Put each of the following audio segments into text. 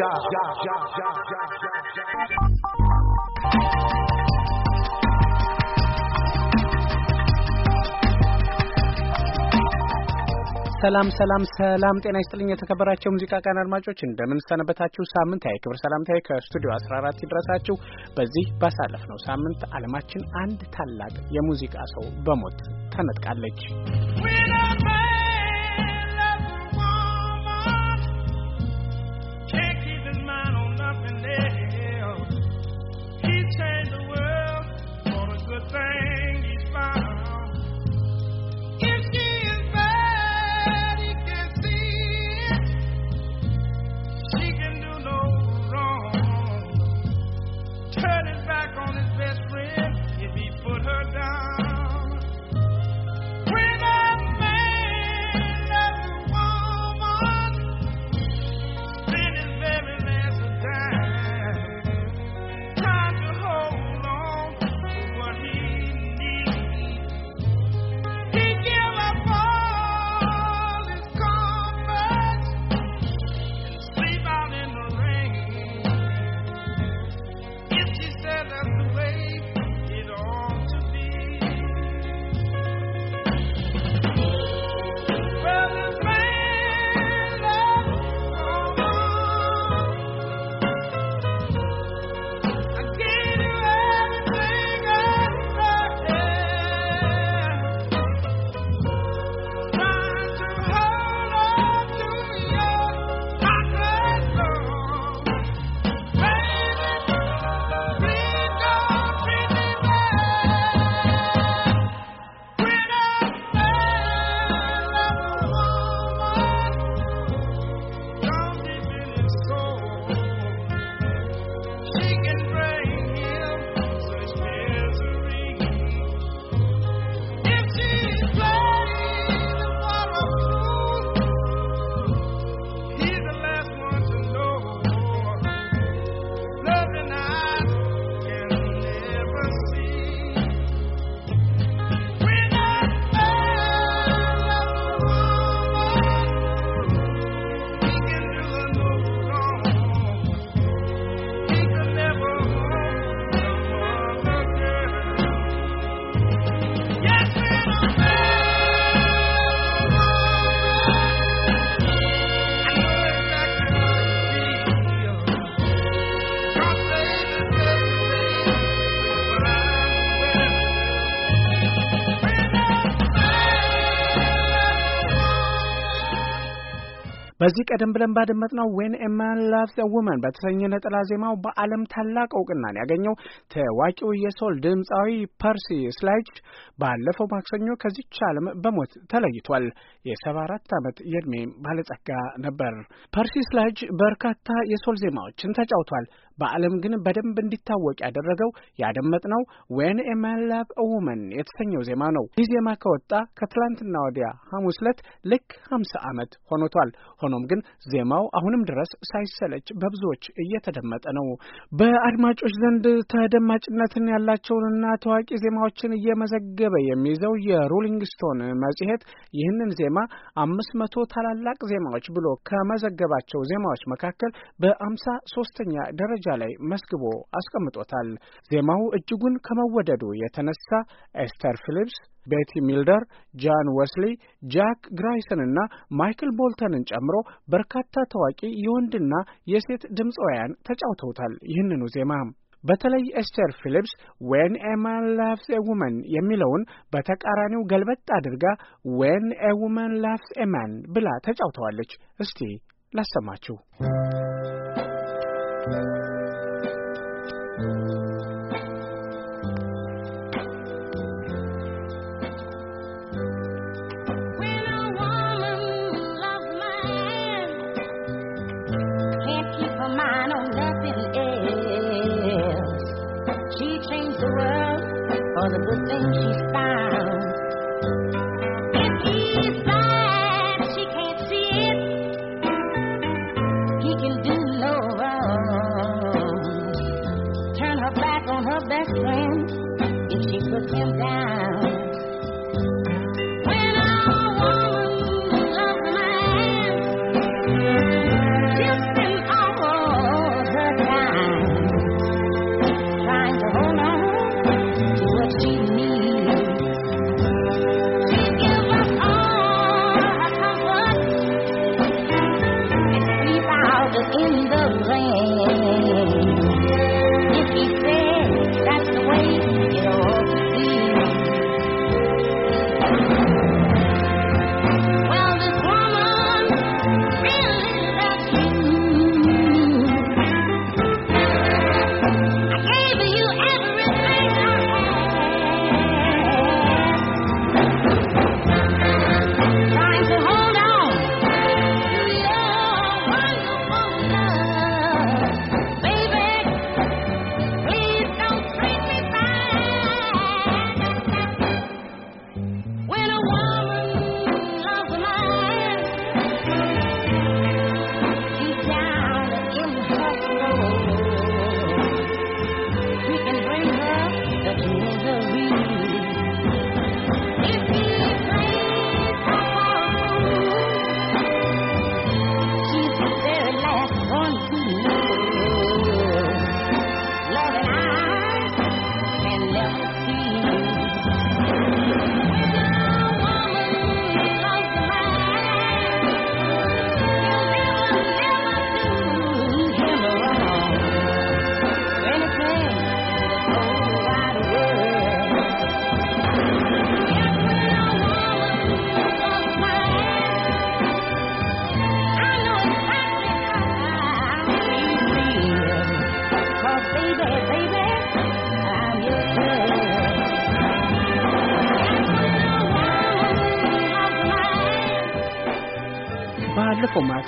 já. ሰላም ሰላም ሰላም፣ ጤና ይስጥልኝ የተከበራቸው ሙዚቃ ቀን አድማጮች እንደምን ሰነበታችሁ? ሳምንታዊ የክብር ሰላምታዊ ከስቱዲዮ 14 ይድረሳችሁ። በዚህ ነው ሳምንት አለማችን አንድ ታላቅ የሙዚቃ ሰው በሞት ተነጥቃለች። በዚህ ቀደም ብለን ባደመጥነው ዌን ኤማን ላቭስ ውመን በተሰኘ ነጠላ ዜማው በዓለም ታላቅ እውቅናን ያገኘው ታዋቂው የሶል ድምፃዊ ፐርሲ ስላጅ ባለፈው ማክሰኞ ከዚች ዓለም በሞት ተለይቷል። የሰባ አራት ዓመት የዕድሜ ባለጸጋ ነበር። ፐርሲ ስላጅ በርካታ የሶል ዜማዎችን ተጫውቷል። በዓለም ግን በደንብ እንዲታወቅ ያደረገው ያደመጥነው ዌን ኤ ማን የተሰኘው ዜማ ነው። ይህ ዜማ ከወጣ ከትላንትና ወዲያ ሐሙስ ዕለት ልክ 50 ዓመት ሆኖቷል። ሆኖም ግን ዜማው አሁንም ድረስ ሳይሰለች በብዙዎች እየተደመጠ ነው። በአድማጮች ዘንድ ተደማጭነትን ያላቸውንና ታዋቂ ዜማዎችን እየመዘገበ የሚይዘው የሮሊንግ ስቶን መጽሔት ይህንን ዜማ አምስት መቶ ታላላቅ ዜማዎች ብሎ ከመዘገባቸው ዜማዎች መካከል በአምሳ ሶስተኛ ደረጃ ደረጃ ላይ መስግቦ አስቀምጦታል። ዜማው እጅጉን ከመወደዱ የተነሳ ኤስተር ፊሊፕስ፣ ቤቲ ሚልደር፣ ጃን ወስሊ፣ ጃክ ግራይሰን እና ማይክል ቦልተንን ጨምሮ በርካታ ታዋቂ የወንድና የሴት ድምፃውያን ተጫውተውታል ይህንኑ ዜማ። በተለይ ኤስቴር ፊሊፕስ ዌን ኤ ማን ላቭስ ኤ ውመን የሚለውን በተቃራኒው ገልበጥ አድርጋ ዌን ኤ ውመን ላቭስ ኤ ማን ብላ ተጫውተዋለች። እስቲ ላሰማችሁ። for the good things she's found.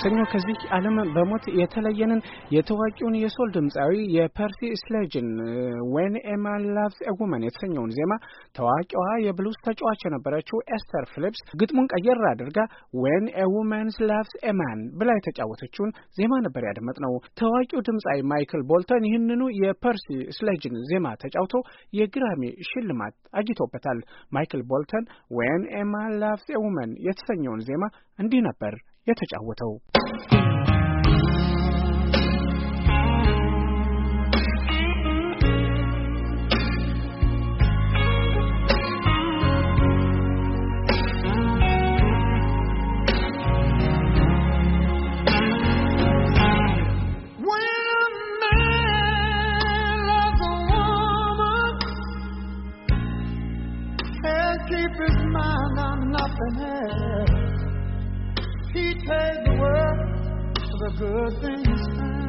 ማክሰኞ ከዚህ ዓለም በሞት የተለየንን የታዋቂውን የሶል ድምፃዊ የፐርሲ ስሌጅን ዌን ኤማን ላቭስ ኤጉመን የተሰኘውን ዜማ ታዋቂዋ የብሉስ ተጫዋች የነበረችው ኤስተር ፊሊፕስ ግጥሙን ቀየር አድርጋ ዌን ኤውመንስ ላቭስ ኤማን ብላ የተጫወተችውን ዜማ ነበር ያደመጥ ነው። ታዋቂው ድምፃዊ ማይክል ቦልተን ይህንኑ የፐርሲ ስሌጅን ዜማ ተጫውቶ የግራሚ ሽልማት አግኝቶበታል። ማይክል ቦልተን ዌን ኤማን ላቭስ ኤውመን የተሰኘውን ዜማ እንዲህ ነበር የተጫወተው። Keep his mind on nothing else the world for the good things found.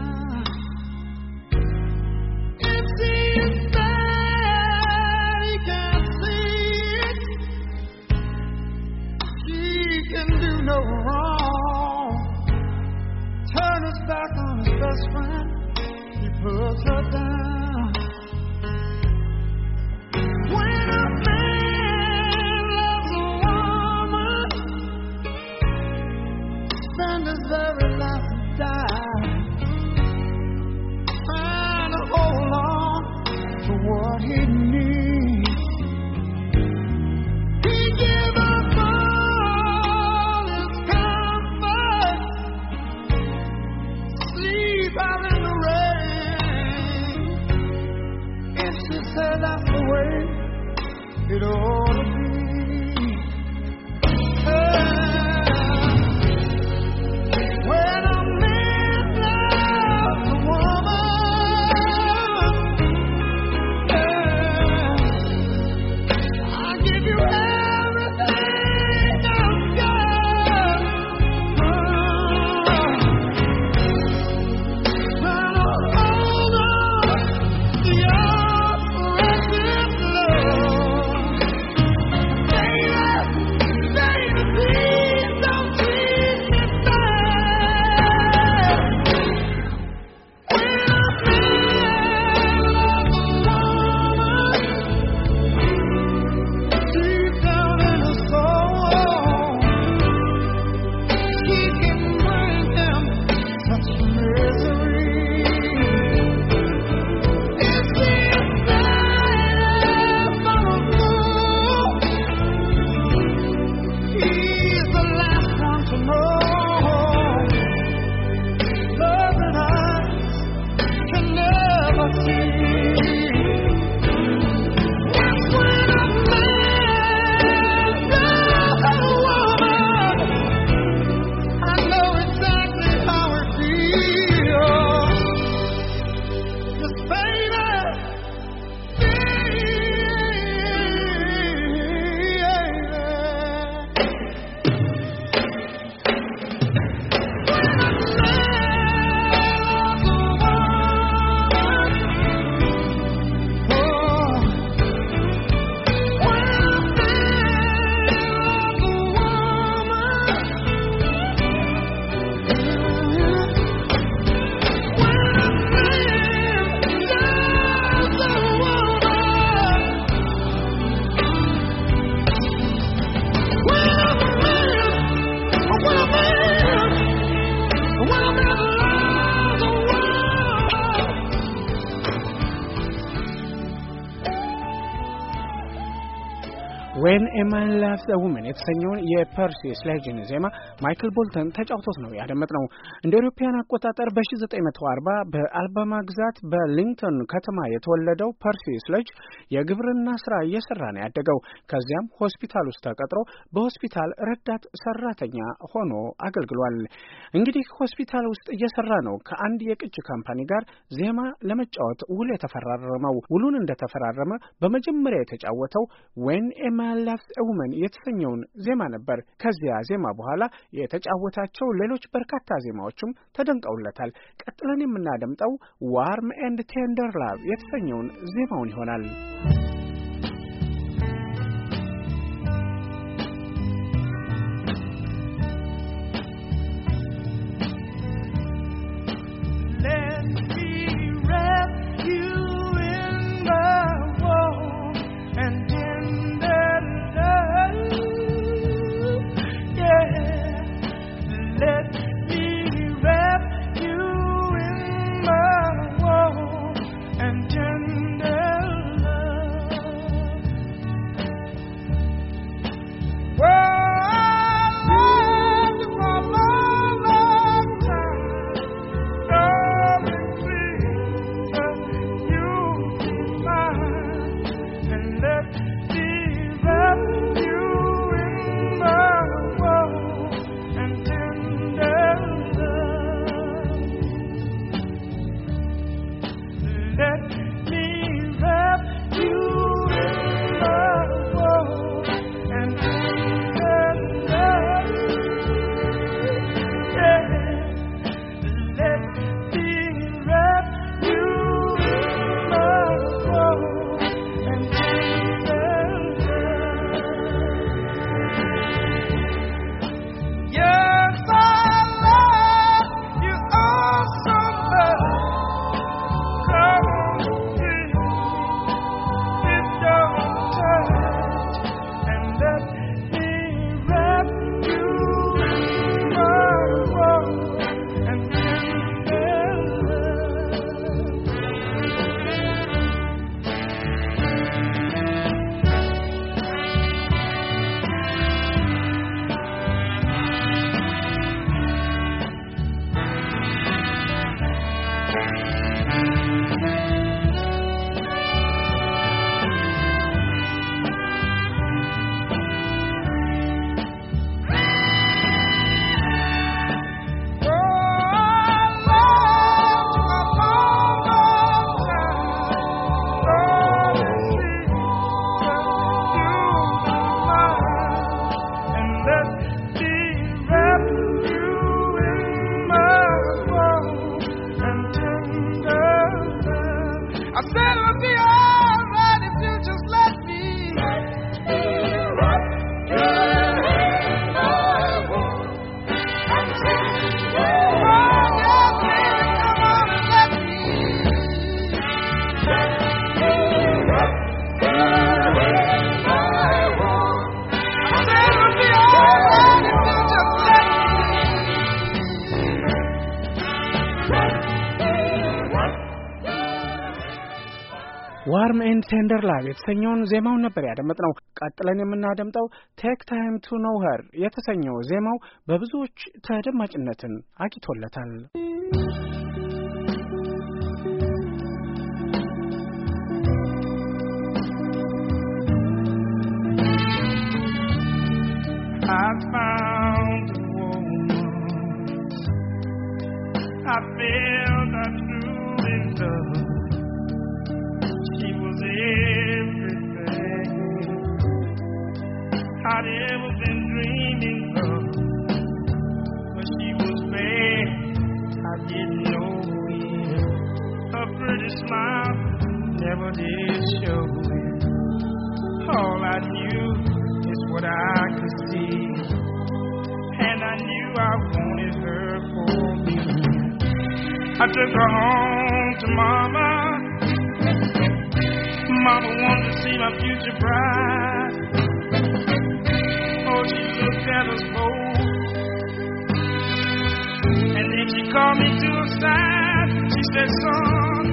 he can't see it. can do no wrong. Turn his back on his best friend. He puts her down. ዌን ኤማን ላቭስ ውመን የተሰኘውን የፐርሲ ስሌጅን ዜማ ማይክል ቦልተን ተጫውቶት ነው ያደመጥ ነው። እንደ አውሮፓውያን አቆጣጠር በ1940 በአልባማ ግዛት በሊንተን ከተማ የተወለደው ፐርሲ ስሌጅ የግብርና ስራ እየሰራ ነው ያደገው። ከዚያም ሆስፒታል ውስጥ ተቀጥሮ በሆስፒታል ረዳት ሰራተኛ ሆኖ አገልግሏል። እንግዲህ ሆስፒታል ውስጥ እየሰራ ነው ከአንድ የቅጅ ካምፓኒ ጋር ዜማ ለመጫወት ውል የተፈራረመው። ውሉን እንደተፈራረመ በመጀመሪያ የተጫወተው ዌን ኤማ ማን ላቭድ የተሰኘውን ዜማ ነበር። ከዚያ ዜማ በኋላ የተጫወታቸው ሌሎች በርካታ ዜማዎችም ተደንቀውለታል። ቀጥለን የምናደምጠው ዋርም ኤንድ ቴንደር ላቭ የተሰኘውን ዜማውን ይሆናል። ዋርም ኤንድ ቴንደር ላቭ የተሰኘውን ዜማውን ነበር ያደመጥነው። ቀጥለን የምናደምጠው ቴክ ታይም ቱ ኖው የተሰኘው ዜማው በብዙዎች ተደማጭነትን አግኝቶለታል። I feel that everything I'd ever been dreaming of. But she was bad, I didn't know it. Her pretty smile never did show it. All I knew is what I could see, and I knew I wanted her for me. I took her home to mama mama wanted to see my future bride. Oh, she looked at us both. And then she called me to her side. She said, son,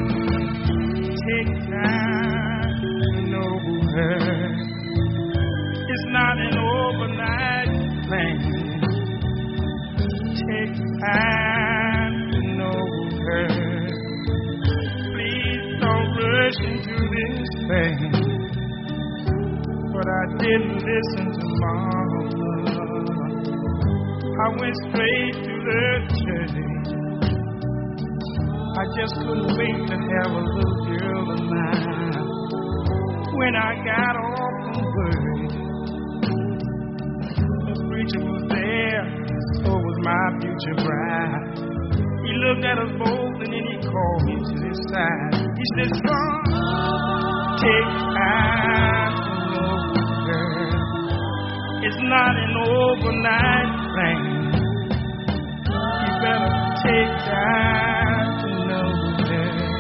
take time to know her. It's not an overnight thing. Take time. but I didn't listen to mama. I went straight to the church. I just couldn't wait to have a little girl of mine. When I got off from work, the preacher was there, so was my future bride. He looked at us both and then he called me to his side. He said, Son take time to know, girl. It's not an overnight thing. You better take time to know, girl.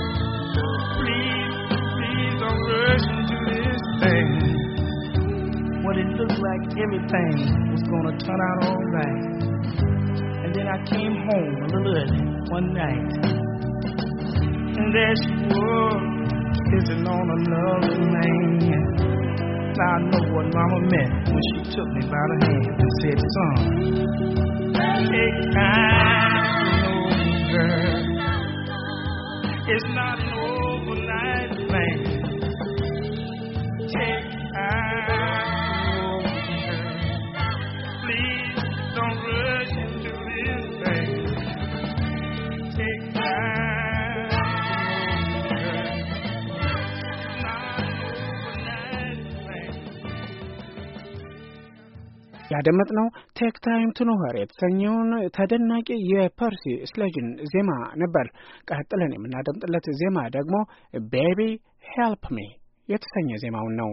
Please, please don't rush into this thing. What it looked like everything was gonna turn out alright. And then I came home a little early one night. And there she was kissing on another man. I know what mama meant when she took me by the hand and said, son, take time, girl. It's not ያደመጥነው ቴክ ታይም ቱ ኖኸር የተሰኘውን ተደናቂ የፐርሲ ስለጅን ዜማ ነበር። ቀጥለን የምናደምጥለት ዜማ ደግሞ ቤቢ ሄልፕ ሚ የተሰኘ ዜማውን ነው።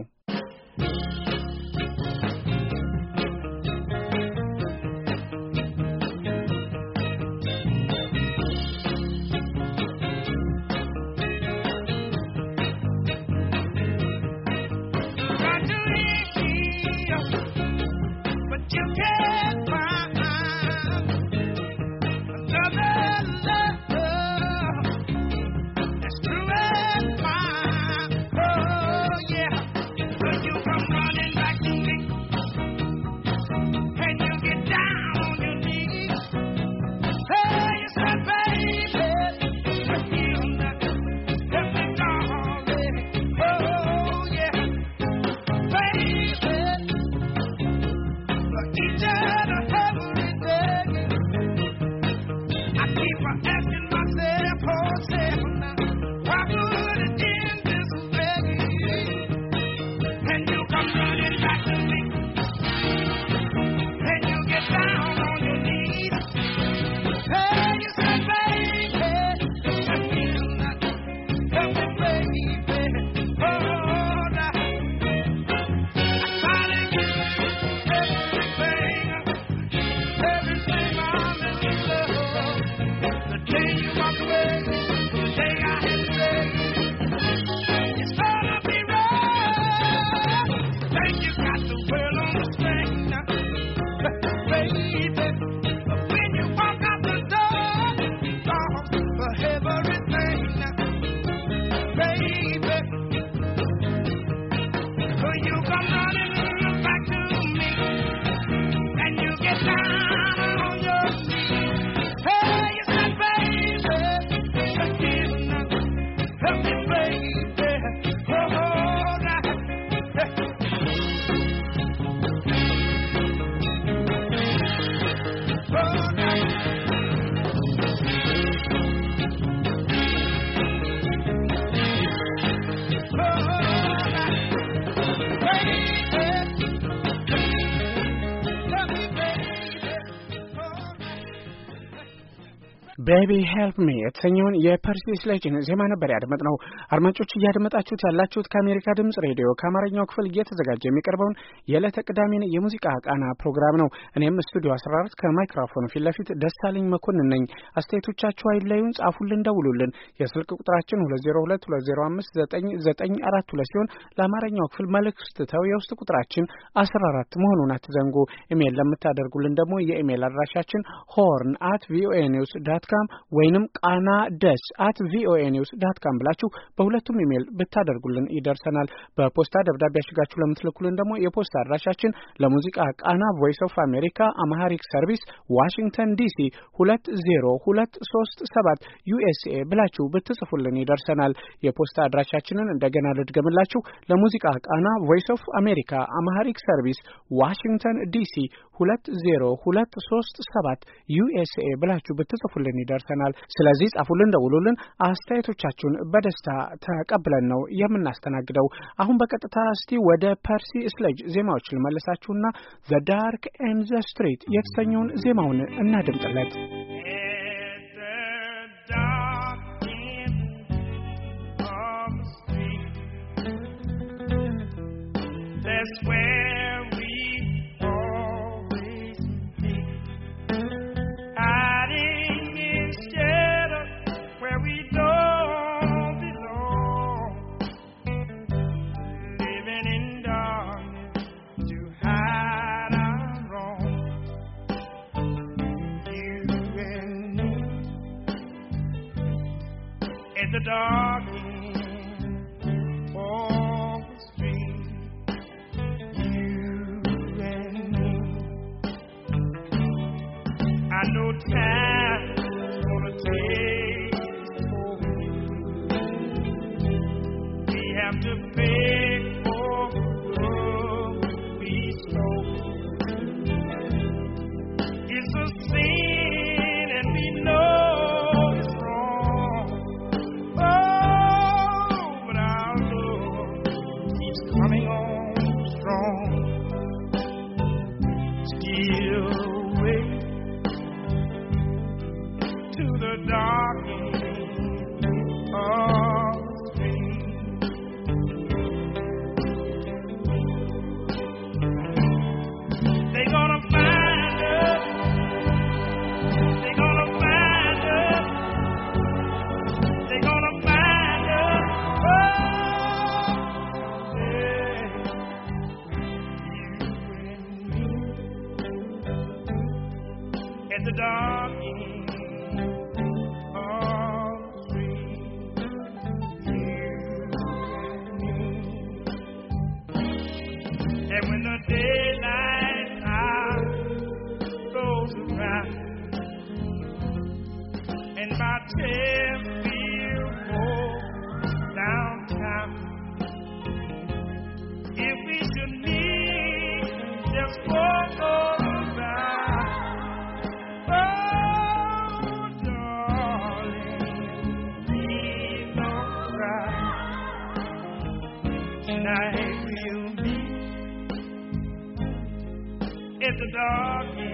ቤቢ ሄልፕ ሚ የተሰኘውን የፐርሲ ስሌጅን ዜማ ነበር ያድመጥ ነው። አድማጮች እያደመጣችሁት ያላችሁት ከአሜሪካ ድምጽ ሬዲዮ ከአማርኛው ክፍል እየተዘጋጀ የሚቀርበውን የዕለተ ቅዳሜን የሙዚቃ ቃና ፕሮግራም ነው። እኔም ስቱዲዮ 14 ከማይክሮፎኑ ፊት ለፊት ደሳለኝ መኮንን ነኝ። አስተያየቶቻችሁ አይለዩን፣ ጻፉልን፣ ደውሉልን። የስልክ ቁጥራችን ሁለት ሲሆን ለአማርኛው ክፍል መልእክት ስትተው የውስጥ ቁጥራችን 14 መሆኑን አትዘንጉ። ኢሜይል ለምታደርጉልን ደግሞ የኢሜይል አድራሻችን ሆርን አት ቪኦኤ ኒውስ ዳት ኢንስታግራም ወይንም ቃና ደስ አት ቪኦኤ ኒውስ ዳትካም ብላችሁ በሁለቱም ኢሜይል ብታደርጉልን ይደርሰናል። በፖስታ ደብዳቤ ያሽጋችሁ ለምትልኩልን ደግሞ የፖስታ አድራሻችን ለሙዚቃ ቃና ቮይስ ኦፍ አሜሪካ አማሃሪክ ሰርቪስ ዋሽንግተን ዲሲ ሁለት ዜሮ ሁለት ሶስት ሰባት ዩኤስኤ ብላችሁ ብትጽፉልን ይደርሰናል። የፖስታ አድራሻችንን እንደገና ልድገምላችሁ። ለሙዚቃ ቃና ቮይስ ኦፍ አሜሪካ አማሃሪክ ሰርቪስ ዋሽንግተን ዲሲ ሁለት ዜሮ ሁለት ሶስት ሰባት ዩኤስኤ ብላችሁ ብትጽፉልን ይደርሰናል። ስለዚህ ጻፉልን፣ ደውሉልን። አስተያየቶቻችሁን በደስታ ተቀብለን ነው የምናስተናግደው። አሁን በቀጥታ እስቲ ወደ ፐርሲ ስለጅ ዜማዎች ልመልሳችሁና ዘ ዳርክ ኤን ዘ ስትሪት የተሰኘውን ዜማውን እናድምጥለት። That's where dark. the dark. darkness.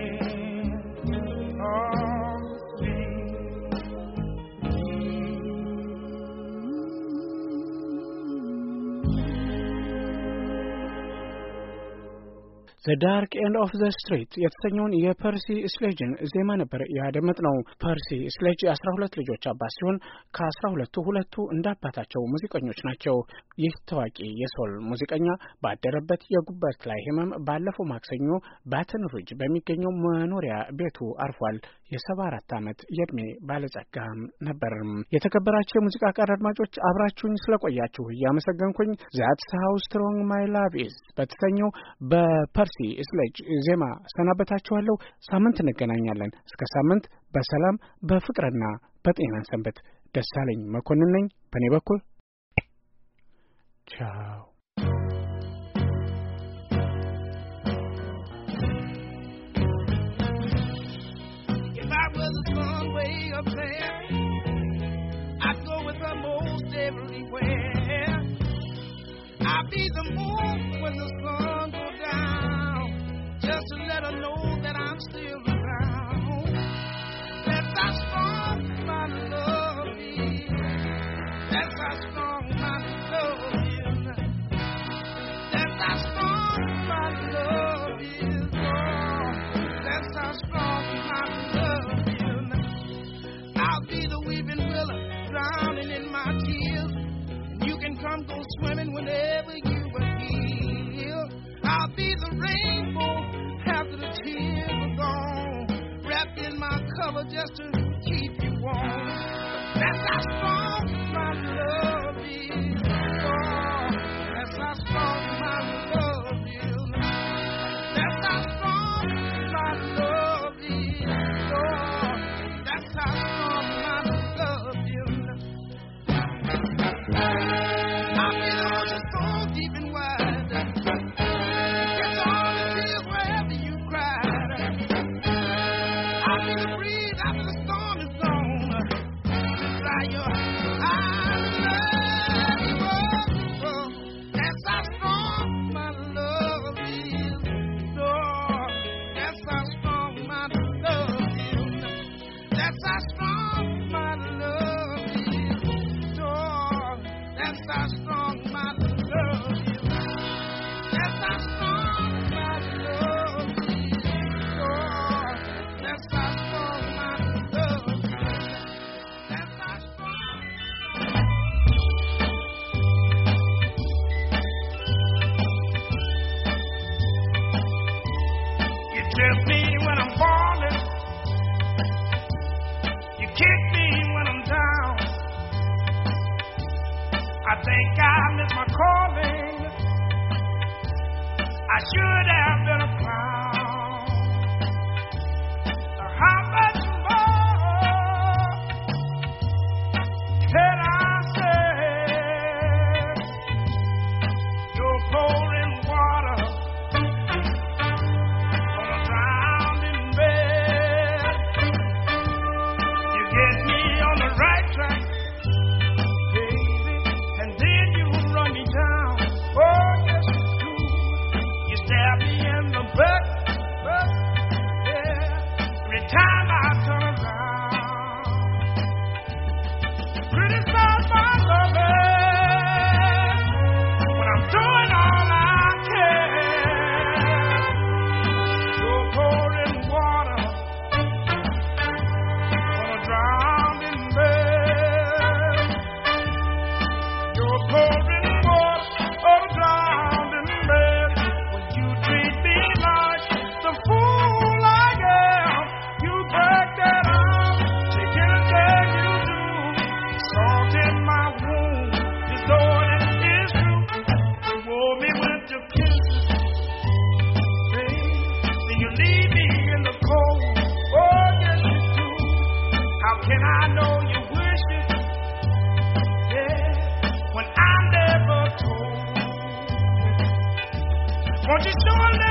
ዘ ዳርክ ኤንድ ኦፍ ዘ ስትሪት የተሰኘውን የፐርሲ ስሌጅን ዜማ ነበር ያደመጥ ነው። ፐርሲ ስሌጅ የአስራ ሁለት ልጆች አባት ሲሆን ከአስራ ሁለቱ ሁለቱ እንዳባታቸው ሙዚቀኞች ናቸው። ይህ ታዋቂ የሶል ሙዚቀኛ ባደረበት የጉበት ላይ ህመም ባለፈው ማክሰኞ ባትን ሩጅ በሚገኘው መኖሪያ ቤቱ አርፏል። የሰባ አራት ዓመት የዕድሜ ባለጸጋም ነበር። የተከበራቸው የሙዚቃ ቀር አድማጮች አብራችሁኝ ስለቆያችሁ እያመሰገንኩኝ ዛትስ ሃው ስትሮንግ ማይ ላቭ ኢዝ በተሰኘው በፐር ዩኒቨርሲቲ ስለጅ ዜማ ሰናበታችኋለሁ። ሳምንት እንገናኛለን። እስከ ሳምንት በሰላም በፍቅርና በጤና ሰንበት። ደሳለኝ መኮንን ነኝ። በእኔ በኩል ቻው። everywhere. I'll be the moon when the sun. just to let her know that I'm still around. That's how strong my love is. That's how strong my love is. That's how strong my love is. Oh, that's how strong my love is. I'll be the weeping willow just to keep you warm. That's how strong. Don't you